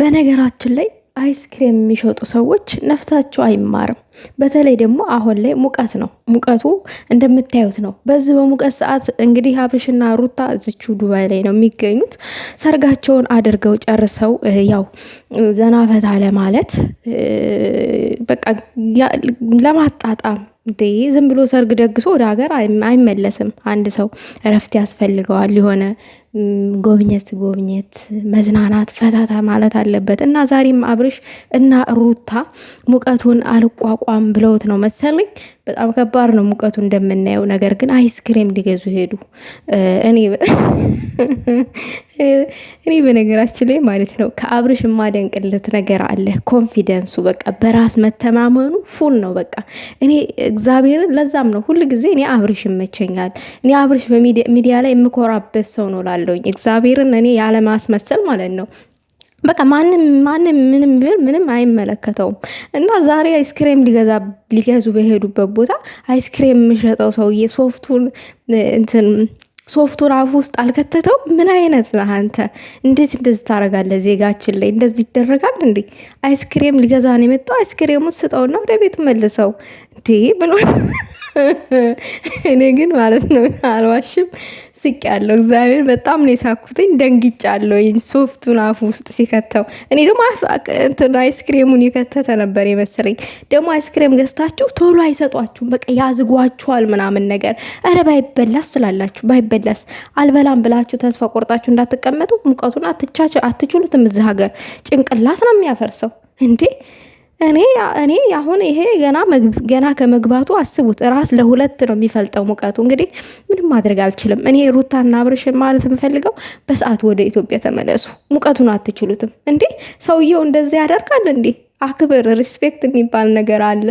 በነገራችን ላይ አይስክሬም የሚሸጡ ሰዎች ነፍሳቸው አይማርም። በተለይ ደግሞ አሁን ላይ ሙቀት ነው። ሙቀቱ እንደምታዩት ነው። በዚህ በሙቀት ሰዓት እንግዲህ አብርሽና ሩታ እዚቹ ዱባይ ላይ ነው የሚገኙት። ሰርጋቸውን አድርገው ጨርሰው ያው ዘና ፈታ ለማለት በቃ ለማጣጣም እንዴ ዝም ብሎ ሰርግ ደግሶ ወደ ሀገር አይመለስም። አንድ ሰው እረፍት ያስፈልገዋል። የሆነ ጎብኘት ጎብኘት፣ መዝናናት፣ ፈታታ ማለት አለበት እና ዛሬም አብርሽ እና ሩታ ሙቀቱን አልቋቋ አቋም ብለውት ነው መሰለኝ። በጣም ከባድ ነው ሙቀቱ እንደምናየው። ነገር ግን አይስክሬም ሊገዙ ሄዱ። እኔ በነገራችን ላይ ማለት ነው ከአብርሽ የማደንቅለት ነገር አለ። ኮንፊደንሱ በቃ በራስ መተማመኑ ፉል ነው። በቃ እኔ እግዚአብሔርን ለዛም ነው ሁል ጊዜ እኔ አብርሽ ይመቸኛል። እኔ አብርሽ በሚዲያ ላይ የምኮራበት ሰው ነው ላለውኝ እግዚአብሔርን እኔ ያለማስመሰል ማለት ነው በቃ ማንም ማንም ምንም ቢል ምንም አይመለከተውም። እና ዛሬ አይስክሬም ሊገዛ ሊገዙ በሄዱበት ቦታ አይስክሬም የሚሸጠው ሰውዬ ሶፍቱን እንትን ሶፍቱን አፉ ውስጥ አልከተተው። ምን አይነት ነህ አንተ? እንዴት እንደዚህ ታደርጋለህ? ዜጋችን ላይ እንደዚህ ይደረጋል እንዴ? አይስክሬም ሊገዛ ነው የመጣው። አይስክሬሙን ስጠውና ወደ ቤቱ መልሰው እንዴ እኔ ግን ማለት ነው አልዋሽም፣ ስቅ ያለው እግዚአብሔር በጣም ነው የሳኩትኝ። አለው ሶፍቱን አፉ ውስጥ ሲከተው። እኔ ደግሞ አይስክሬሙን የከተተ ነበር የመሰለኝ። ደግሞ አይስክሬም ገዝታችሁ ቶሎ አይሰጧችሁም፣ በቃ ያዝጓችኋል ምናምን ነገር። ኧረ ባይበላስ ትላላችሁ። ባይበላስ አልበላም ብላችሁ ተስፋ ቆርጣችሁ እንዳትቀመጡ። ሙቀቱን አትቻ አትችሉትም። እዚህ ሀገር ጭንቅላት ነው የሚያፈርሰው እንዴ እኔ እኔ አሁን ይሄ ገና ገና ከመግባቱ አስቡት፣ ራስ ለሁለት ነው የሚፈልጠው ሙቀቱ። እንግዲህ ምንም ማድረግ አልችልም። እኔ ሩታና አብርሽ ማለት የምፈልገው በሰዓት ወደ ኢትዮጵያ ተመለሱ። ሙቀቱን አትችሉትም እንዴ? ሰውየው እንደዚህ ያደርጋል እንዴ? አክብር፣ ሪስፔክት የሚባል ነገር አለ።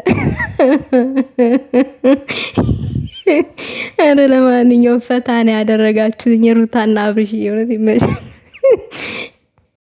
ኧረ ለማንኛውም ፈታ ነው ያደረጋችሁኝ ሩታና አብርሽ የሆነት